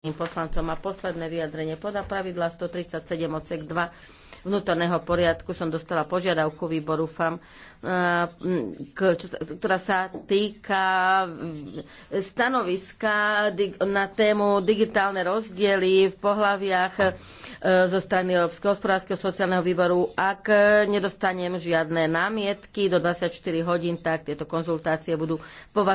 poslancom a posledné vyjadrenie podľa pravidla 137 odsek 2 vnútorného poriadku som dostala požiadavku výboru FAM, e, ktorá sa týka e, stanoviska na tému digitálne rozdiely v pohľaviach e, zo strany Európskeho hospodárskeho sociálneho výboru. Ak nedostanem žiadne námietky do 24 hodín, tak tieto konzultácie budú považované